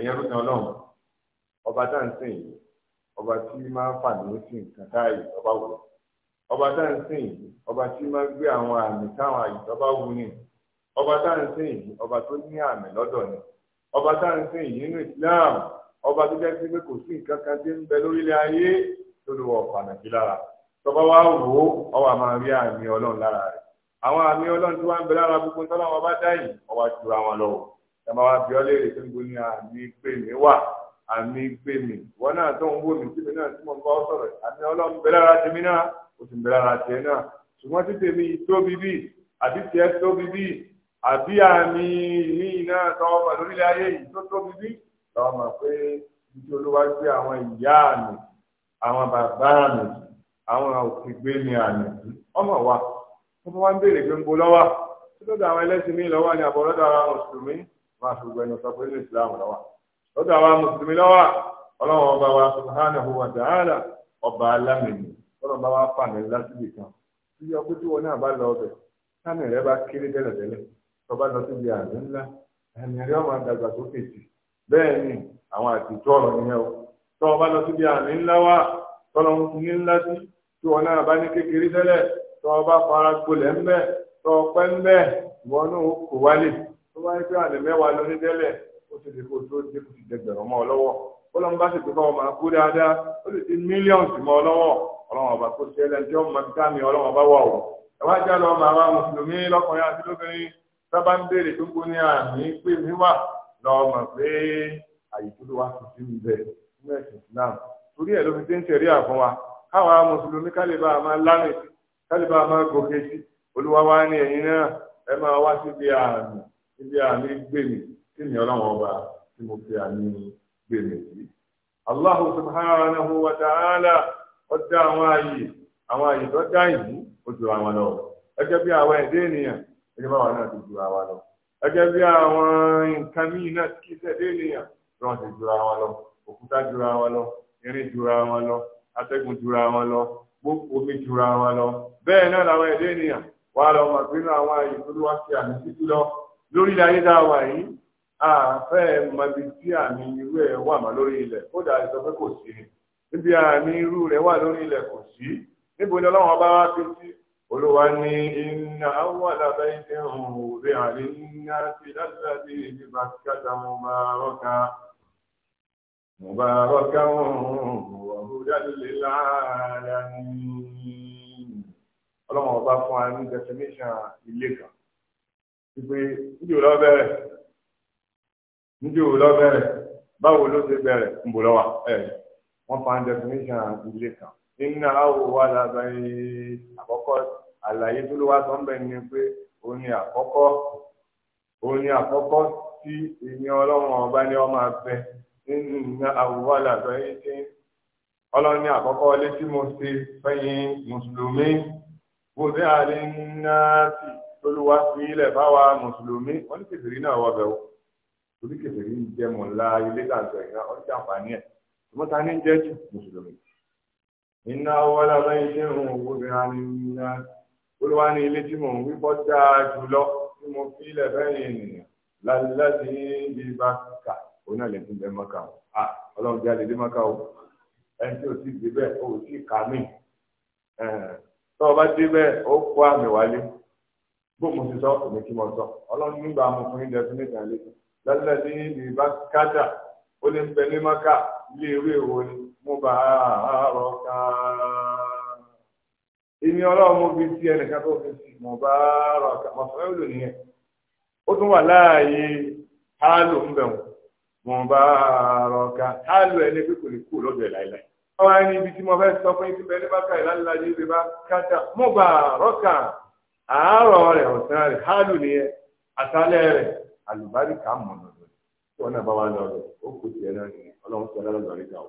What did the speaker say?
ẹ̀yẹ ló ọba tá yìí ọba tí máa ń nǹkan ọba wò ọba yìí ọba tí máa ń gbé àwọn àmì táwọn àyè ọba ọba yìí ọba tó ní àmì lọ́dọ̀ ni ọba tá yìí nínú ọba tó jẹ́ pé kò sí nǹkan kan tí ń bẹ lórílẹ̀ ayé tó lè wọ sí lára tọba wa wò gbogbo tọ́lá wọn bá dá ọba tura wọn lọ́wọ́. tàbá wa fi ọlẹ́ èrè tó ń bo ní àmì pè mí wà àmì pè mí wọn náà tó ń wò mí síbi náà tí mo ń bá ọ sọ̀rọ̀ àmì ọlọ́run bẹ lára tèmi náà o sì ń bẹ lára tèmi náà ṣùgbọ́n tí tèmi tóbi bí àbí tiẹ̀ tóbi bí àbí àmì yìí náà tọ́ ọmọ lórílẹ̀ ayé yìí tó tóbi bí tọ́ ọmọ pé ibi olúwa gbé àwọn ìyá àmì àwọn bàbá àmì àwọn òkègbè ni àmì ọmọ wa wọ́n wá ń béèrè pé ń lọ́wọ́ tó lọ́dọ̀ àwọn ẹlẹ́sìn mi lọ́wọ́ ni àbọ̀lọ́dọ̀ ara mùsùlùmí máa fi gbẹnu sọ pé ní ìsìlámù lọ́wọ́ lọ́dọ̀ àwa mùsùlùmí lọ́wọ́ ọba wa subhanahu ọba alámìnì ọlọ́run bá wa pàmì lásìkò kan tí ọkọ tí wọn náà bá ọbẹ̀ rẹ bá kéré tẹ́lẹ̀tẹ́lẹ̀ tó bá lọ síbi àmì ńlá ẹ̀mí rẹ ọmọ àdàgbà bẹ́ẹ̀ ni àwọn àtijọ́ ọ̀rọ̀ o tó o bá lọ síbi àmì wa ní ńlá sí tí náà bá ní kékeré tẹ́lẹ̀ tó o bá fara gbolẹ̀ tó bá yẹ pé àlè mẹ́wàá lóní tẹ́lẹ̀ ó ti lè kó tó dé kó ti dẹgbẹ̀rún mọ́ ọ lọ́wọ́ bọ́lá ń bá sì pé fáwọn máa kú dáadáa ó lè ti mílíọ̀nù mọ́ ọ lọ́wọ́ ọlọ́wọ́n ọba kó ṣe ẹlẹ́ni tí ó mọ bíkà mi ọlọ́wọ́n ọba wà o ẹ̀wá já lọ máa wá mùsùlùmí lọ́kùnrin àti lóbìnrin sábà ń béèrè tó ń kó àmì pé mi wà lọ́mọ pé àyè tó ló wá sí sí ibẹ̀ ẹ̀sìn Islam torí ẹ̀ ló fi dé ń tẹ̀rí àfún wa káwa mùsùlùmí kálíbà máa lánàá kálíbà máa gòkè sí olúwa wá ní ẹ̀yìn náà ẹ máa wá síbi àmì ibi àmì gbèmí kí ni ọlọ́wọ́n ọba tí mo fi àmì gbèmí Allahu subhanahu wa ta'ala ó àwọn ààyè àwọn ààyè tó dá ìlú ó àwọn lọ. Ẹgẹ́ bí àwọn ẹ̀dẹ́ ènìyàn ẹgẹ́ báwa náà ti ju àwa lọ. Ẹgẹ́ bí àwọn nǹkan míì náà kí sẹ́dẹ́ ènìyàn tí ti ju àwọn lọ. Òkúta ju àwọn lọ, irin ju àwọn lọ, atẹ́gùn ju àwọn lọ, omi ju àwọn lọ. Bẹ́ẹ̀ náà làwọn lórílẹ̀ ayé dá wà yìí àfẹ́ mọbi tí àmì irú ẹ̀ wà má lórí ilẹ̀ kódà ìsọ pé kò sí níbi àmì irú rẹ̀ wà lórí ilẹ̀ kò sí níbo ni ọlọ́run ọba wá fi sí olùwà ní iná wà lábẹ́ ìdí ọ̀hún òbí àlè iná sí láti ìdí bàkàtà mo máa rọ́ka mo bá rọ́ka ọ̀hún ọ̀hún láàárín ọlọ́run ọba fún wa ní definition ilé kan pé níjò lọ bẹ̀rẹ̀ níjò lọ bẹ̀rẹ̀ báwo ló ṣe bẹ̀rẹ̀ ń bò lọ́wọ́ ẹ̀ wọ́n fa definition ilé kan nínú àwọn wa lábẹ́ àkọ́kọ́ àlàyé tó ló wá sọ ń bẹ̀ ni pé òun ni àkọ́kọ́ òun ni àkọ́kọ́ tí ìyẹn ọlọ́run ọba ni wọ́n máa bẹ nínú àwọn wa lábẹ́ yìí ọlọ́run ní àkọ́kọ́ ilé tí mo ṣe fẹ́yìn mùsùlùmí bùdé àlè náà sì olúwa fi ilẹ̀ fáwa mùsùlùmí wọ́n ní kẹsìrì náà wọ́n bẹ̀wò torí kẹsìrì ń jẹ́ mọ̀ ńlá ilé tàǹtẹ̀ ìná ọ́n ti àǹfààní ẹ̀ tòmọ́ta ní jẹ́ jù mùsùlùmí. iná wọlé ọlọ́yin ṣe ń wo ìrànlá olúwa ní ilé tí mò ń wí bọ́ dáa jùlọ tí mo fi ilẹ̀ fẹ́yìn ènìyàn láti ní ibà kà òun náà lè tún bẹ́ẹ̀ mọ́kà o ọlọ́run jáde dé mọ́kà o ẹni tí o ti dé bẹ́ẹ̀ o ò tí ì kà mí tọ́ ọ bá dé bẹ́ẹ̀ ó kó àmì wálé bó mo ti sọ èmi kí mo sọ ọlọ́run nígbà mo fún yín dẹ́sí nígbà lé lálẹ́ ní ìlú bá kájà ó lè ń bẹ ní maka ilé ìwé ìwò ni mo bá rọ ká. èmi ọlọ́run mo fi sí ẹnìkan tó fi sí mo bá rọ ká mo fẹ́ lò nìyẹn ó tún wà láàyè hálò ń bẹ̀ wọ́n mo bá rọ ká hálò ẹni pé kò lè kú lọ́dọ̀ ẹ̀ láìláì wọ́n á ibi tí mo fẹ́ sọ fún yín bẹ ní maka ìlànà ìlú bá kájà mo bá rọ ká àárọ̀ rẹ̀ ọ̀sán rẹ̀ hálù ni ẹ àtàlẹ́ rẹ̀ àlùbáríkà mọ̀nà lọ́dọ̀ tí wọ́n náà bá wà lọ́dọ̀ ó kù tiẹ̀ náà nìyẹn ọlọ́run sọ lọ́dọ̀ rẹ̀ ká o.